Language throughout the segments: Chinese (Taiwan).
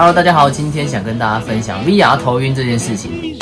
Hello，大家好，今天想跟大家分享 VR 頭暈這件事情。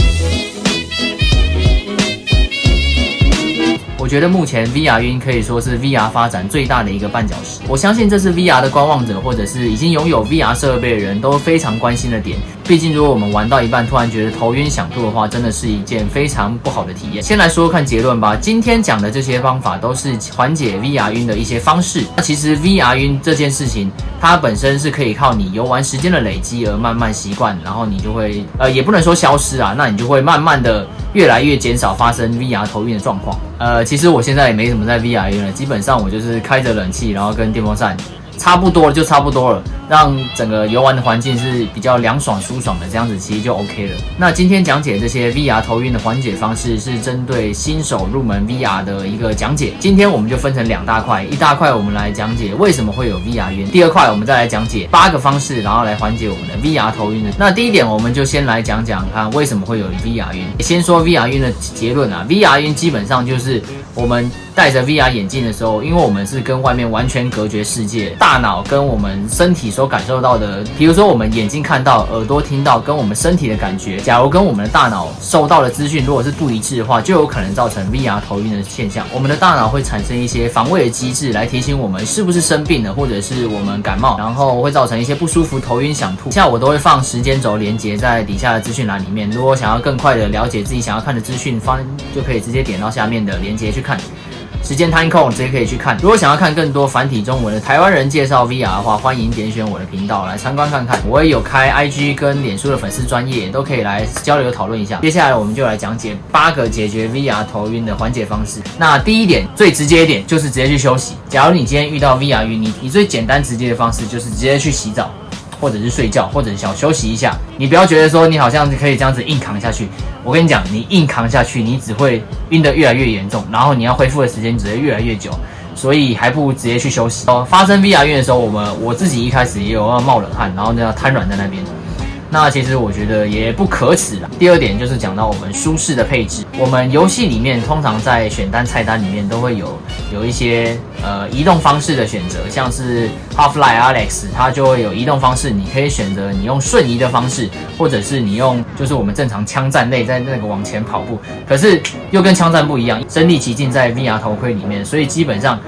我覺得目前 VR 暈可以說是 VR 發展最大的一個絆腳石。我相信這是 VR 的觀望者或者是已經擁有 VR 設備的人都非常關心的點。畢竟，如果我們玩到一半突然覺得頭暈想吐的話，真的是一件非常不好的體驗。先來說說看結論吧。今天講的這些方法都是緩解 VR 暈的一些方式。那其實 VR 暈這件事情，它本身是可以靠你遊玩時間的累積而慢慢習慣，然後你就會呃，也不能說消失啊，那你就會慢慢的。越來越減少發生 V R 頭暈的狀況。呃，其實我現在也沒什麼在 V R 暈了，基本上我就是開着冷氣，然後跟電風扇。差不多了就差不多了，讓整個遊玩的環境是比較涼爽舒爽的，這樣子其實就 OK 了。那今天講解這些 VR 頭暈的緩解方式，是針對新手入門 VR 的一個講解。今天我們就分成兩大塊，一大塊我們來講解為什麼會有 VR 暈，第二塊我們再來講解八個方式，然後來緩解我們的 VR 頭暈的。那第一點，我們就先來講講看為什麼會有 VR 暈。先說 VR 暈的結論啊，VR 暈基本上就是我們。戴着 VR 眼鏡的時候，因為我們是跟外面完全隔絕世界，大腦跟我們身體所感受到的，比如說我們眼睛看到、耳朵聽到，跟我們身體的感覺，假如跟我們的大腦受到的資訊如果是不一致的話，就有可能造成 VR 頭暈的現象。我們的大腦會產生一些防衛的機制來提醒我們是不是生病了，或者是我們感冒，然後會造成一些不舒服、頭暈、想吐。一下我都會放時間軸連接在底下的資訊欄裡面，如果想要更快的了解自己想要看的資訊，方就可以直接點到下面的鏈接去看。時間攤空，直接可以去看。如果想要看更多繁體中文的台灣人介紹 VR 的話，歡迎點選我的頻道來參觀看看。我也有開 IG 跟臉書的粉絲專頁，都可以來交流討論一下。接下來我們就來講解八個解決 VR 頭暈的緩解方式。那第一點，最直接一點就是直接去休息。假如你今天遇到 VR 暈，你你最簡單直接的方式就是直接去洗澡。或者是睡覺，或者想休息一下，你不要覺得說你好像可以這樣子硬扛下去。我跟你講，你硬扛下去，你只會暈得越來越嚴重，然後你要恢復的時間只會越來越久，所以還不如直接去休息。哦，發生 VR 暈的時候，我們我自己一開始也有要冒冷汗，然後呢癱軟在那邊。那其實我覺得也不可恥啦。第二點就是講到我們舒適的配置，我們遊戲裡面通常在選單菜單裡面都會有有一些呃移動方式的選擇，像是 Half-Life: Alyx，它就會有移動方式，你可以選擇你用瞬移的方式，或者是你用就是我們正常槍戰類在那個往前跑步，可是又跟槍戰不一樣，身歷其境在 VR 頭盔裡面，所以基本上。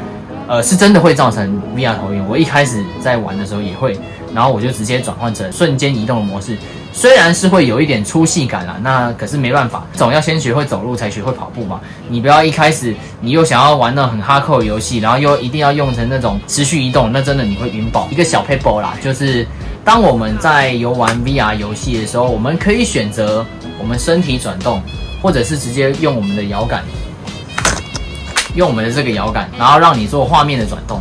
呃，是真的會造成 VR 頭暈。我一開始在玩的時候也會，然後我就直接轉換成瞬間移動的模式，雖然是會有一點粗細感啦，那可是沒辦法，總要先學會走路才學會跑步嘛。你不要一開始你又想要玩那很哈扣的遊戲，然後又一定要用成那種持續移動，那真的你會暈爆。一個小撇步啦，就是當我們在遊玩 VR 遊戲的時候，我們可以選擇我們身體轉動，或者是直接用我們的搖桿。用我們的這個搖桿，然後讓你做畫面的轉動。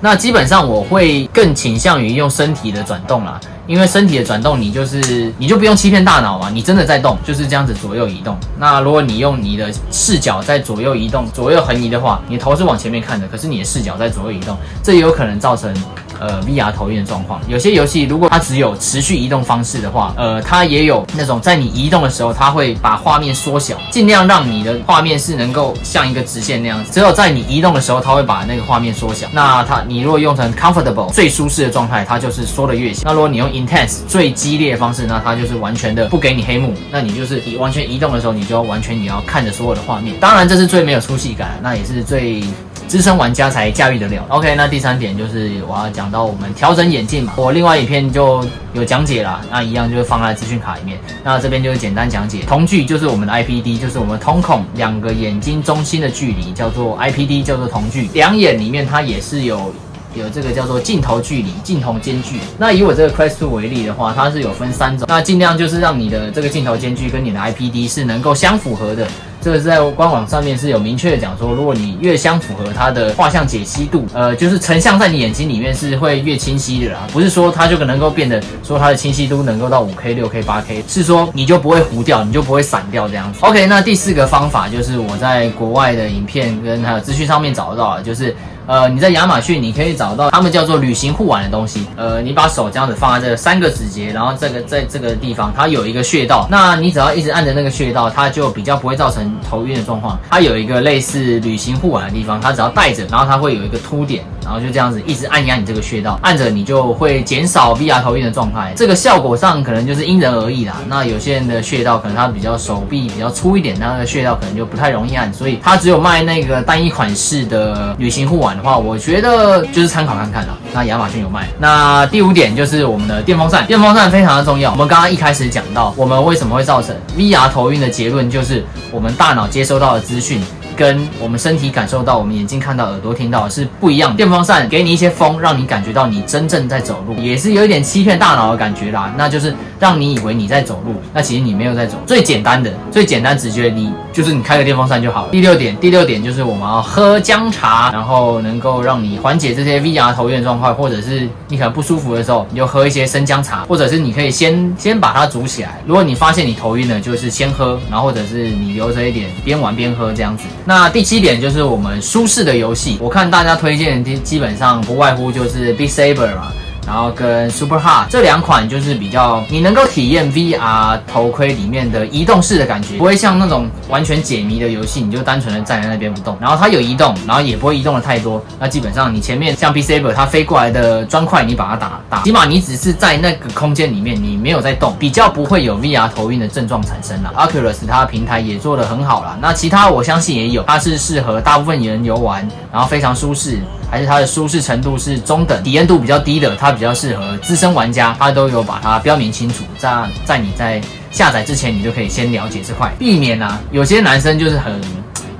那基本上我會更傾向於用身體的轉動啦，因為身體的轉動，你就是你就不用欺騙大腦嘛，你真的在動，就是這樣子左右移動。那如果你用你的視角在左右移動、左右橫移的話，你頭是往前面看的，可是你的視角在左右移動，這也有可能造成。呃，VR 頭暈的狀況，有些遊戲如果它只有持續移動方式的話，呃，它也有那種在你移動的時候，它會把畫面縮小，盡量讓你的畫面是能夠像一個直線那樣子。只有在你移動的時候，它會把那個畫面縮小。那它，你如果用成 comfortable 最舒適的狀態，它就是縮得越小。那如果你用 intense 最激烈的方式，那它就是完全的不給你黑幕。那你就是你完全移動的時候，你就要完全你要看着所有的畫面。當然，這是最沒有出戲感，那也是最。資深玩家才駕馭得了。OK，那第三點就是我要講到我們調整眼鏡嘛，我另外一片就有講解啦，那一樣就是放在資訊卡裡面。那這邊就是簡單講解，瞳距就是我們的 IPD，就是我們瞳孔兩個眼睛中心的距離，叫做 IPD，叫做瞳距。兩眼裡面它也是有有這個叫做鏡頭距離，鏡頭間距。那以我這個 Quest 2為例的話，它是有分三種，那盡量就是讓你的這個鏡頭間距跟你的 IPD 是能夠相符合的。這個是在官網上面是有明確的講說，如果你越相符合，它的畫像解析度，呃，就是成像在你眼睛裡面是會越清晰的啊，不是說它就可能夠變得說它的清晰度能夠到五 K、六 K、八 K，是說你就不會糊掉，你就不會散掉這樣子。OK，那第四個方法就是我在國外的影片跟還有資訊上面找得到的，就是。呃，你在亞馬遜你可以找到他們叫做旅行護腕的東西。呃，你把手這樣子放在這三個指節，然後這個在這個地方它有一個穴道，那你只要一直按着那個穴道，它就比較不會造成頭暈的狀況。它有一個類似旅行護腕的地方，它只要戴著，然後它會有一個凸點。然後就這樣子一直按壓你這個穴道，按着你就會減少 VR 頭暈的狀態。這個效果上可能就是因人而異啦。那有些人的穴道可能他比較手臂比較粗一點，那個穴道可能就不太容易按。所以他只有賣那個單一款式的旅行護腕的話，我覺得就是參考看看啦。那亞馬遜有賣。那第五點就是我們的電風扇，電風扇非常的重要。我們剛剛一開始講到，我們為什麼會造成 VR 頭暈的結論，就是我們大腦接收到的資訊。跟我們身體感受到、我們眼睛看到、耳朵聽到的是不一樣的。電風扇給你一些風，讓你感覺到你真正在走路，也是有一點欺騙大腦的感覺啦，那就是。讓你以為你在走路，那其實你沒有在走。最簡單的，最簡單直接你，你就是你開個電風扇就好了。第六點，第六點就是我們要喝薑茶，然後能夠讓你緩解這些 V R 頭暈的狀況，或者是你可能不舒服的時候，你就喝一些生薑茶，或者是你可以先先把它煮起來。如果你發現你頭暈了，就是先喝，然後或者是你留着一點，邊玩邊喝這樣子。那第七點就是我們舒適的遊戲，我看大家推薦基基本上不外乎就是《Beat Saber》嘛。然後跟 Superhot 這兩款就是比較你能夠體驗 VR 頭盔裡面的移動式的感覺，不會像那種完全解謎的遊戲，你就單純的站在那邊不動。然後它有移動，然後也不會移動的太多。那基本上你前面像 Beat Saber 它飛過來的磚塊，你把它打打，起碼你只是在那個空間裡面，你沒有在動，比較不會有 VR 頭暈的症狀產生了。Oculus 它的平台也做得很好了，那其他我相信也有，它是適合大部分人遊玩，然後非常舒適。還是它的舒適程度是中等，體驗度比較低的，它比較適合資深玩家，它都有把它標明清楚。在在你在下載之前，你就可以先了解這塊，避免啊有些男生就是很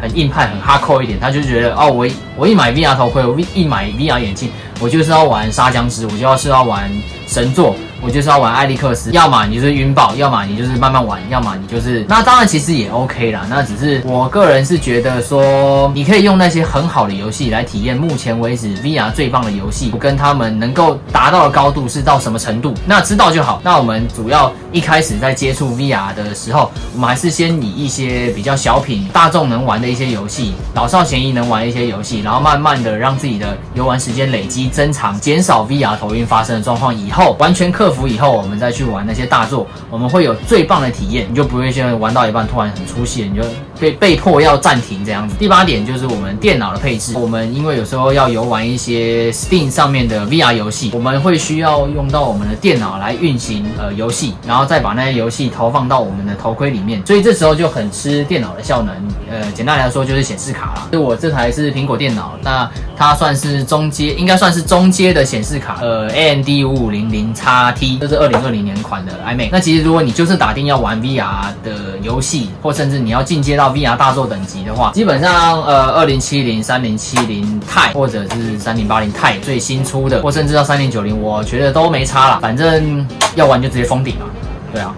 很硬派，很哈扣一點，他就覺得哦、啊，我我一買 VR 頭盔，我一買 VR 眼鏡，我就是要玩殺殭屍，我就要是要玩神作，我就是要玩艾利克斯，要麼你就是暈爆，要麼你就是慢慢玩，要麼你就是那當然其實也 OK 啦，那只是我個人是覺得說，你可以用那些很好的遊戲來體驗目前為止 VR 最棒的遊戲，跟他們能夠達到的高度是到什麼程度，那知道就好。那我們主要一開始在接觸 VR 的時候，我們還是先以一些比較小品、大眾能玩的一些遊戲，老少咸宜能玩的一些遊戲，然後慢慢的讓自己的遊玩時間累積增長，減少 VR 頭暈發生的狀況，以後完全克。克服以後，我們再去玩那些大作，我們會有最棒的體驗，你就不會現在玩到一半突然很出戲，你就被被迫要暫停這樣子。第八點就是我們電腦的配置，我們因為有時候要遊玩一些 Steam 上面的 VR 遊戲，我們會需要用到我們的電腦來運行呃遊戲，然後再把那些遊戲投放到我們的頭盔裡面，所以這時候就很吃電腦的效能，呃，簡單來說就是顯示卡啦。就我這台是蘋果電腦，那它算是中階，應該算是中階的顯示卡，呃，AMD 5500X。T，、就、這是二零二零年款的 iMac。那其實如果你就是打定要玩 VR 的遊戲，或甚至你要進階到 VR 大作等級的話，基本上呃二零七零、三零七零 Ti 或者是三零八零 Ti 最新出的，或甚至到三零九零，我覺得都沒差啦，反正要玩就直接封頂嘛，對啊。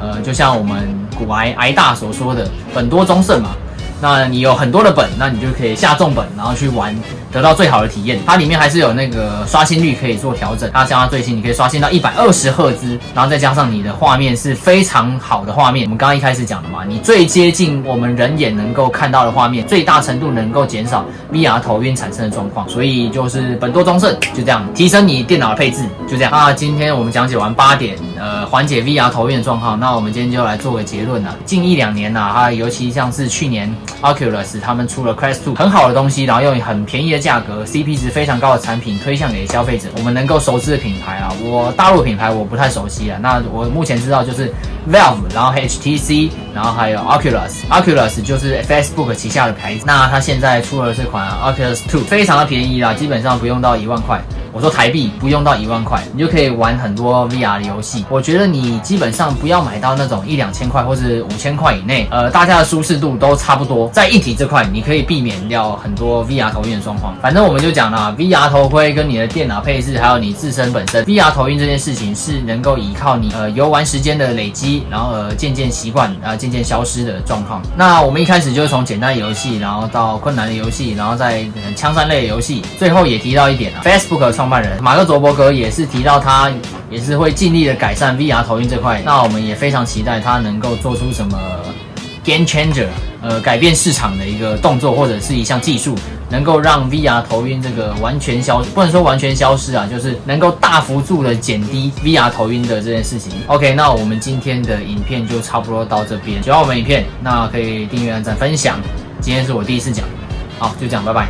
呃，就像我們古 i i 大所說的，本多中勝嘛。那你有很多的本，那你就可以下重本，然後去玩，得到最好的體驗。它裡面還是有那個刷新率可以做調整。那像它最新，你可以刷新到一百二十赫茲，然後再加上你的畫面是非常好的畫面。我們剛剛一開始講的嘛，你最接近我們人眼能夠看到的畫面，最大程度能夠減少 VR 頭暈產生的狀況。所以就是本多終勝，就這樣提升你電腦的配置，就這樣。那、啊、今天我們講解完八點。呃，緩解 VR 頭暈的狀況。那我們今天就來做個結論了。近一兩年吶，啊，它尤其像是去年 Oculus 他們出了 Quest 2，很好的東西，然後用很便宜的價格，CP 值非常高的產品推向給消費者。我們能夠熟知的品牌啊，我大陸品牌我不太熟悉啊。那我目前知道就是 Valve，然後 HTC，然後還有 Oculus。Oculus 就是 Facebook 旗下的牌子。那它現在出了這款、啊、Oculus 2，非常的便宜啦，基本上不用到一萬塊。我說台幣不用到一萬塊，你就可以玩很多 VR 的遊戲。我覺得你基本上不要買到那種一兩千塊或者五千塊以內，呃，大家的舒適度都差不多。在硬體這塊，你可以避免掉很多 VR 頭暈的狀況。反正我們就講了，VR 頭盔跟你的電腦配置，還有你自身本身，VR 頭暈這件事情是能夠依靠你呃遊玩時間的累積，然後呃漸漸習慣，然、呃、後漸漸消失的狀況。那我們一開始就是從簡單的遊戲，然後到困難的遊戲，然後再、呃、槍戰類的遊戲。最後也提到一點啊 Facebook 創辦人馬克佐伯格也是提到，他也是會盡力的改善 VR 頭暈這塊。那我們也非常期待他能夠做出什麼 game changer，呃，改變市場的一個動作或者是一項技術，能夠讓 VR 頭暈這個完全消，不能說完全消失啊，就是能夠大幅度的減低 VR 頭暈的這件事情。OK，那我們今天的影片就差不多到這邊。喜歡我們影片，那可以訂閱、按讚、分享。今天是我第一次講，好，就這樣，拜拜。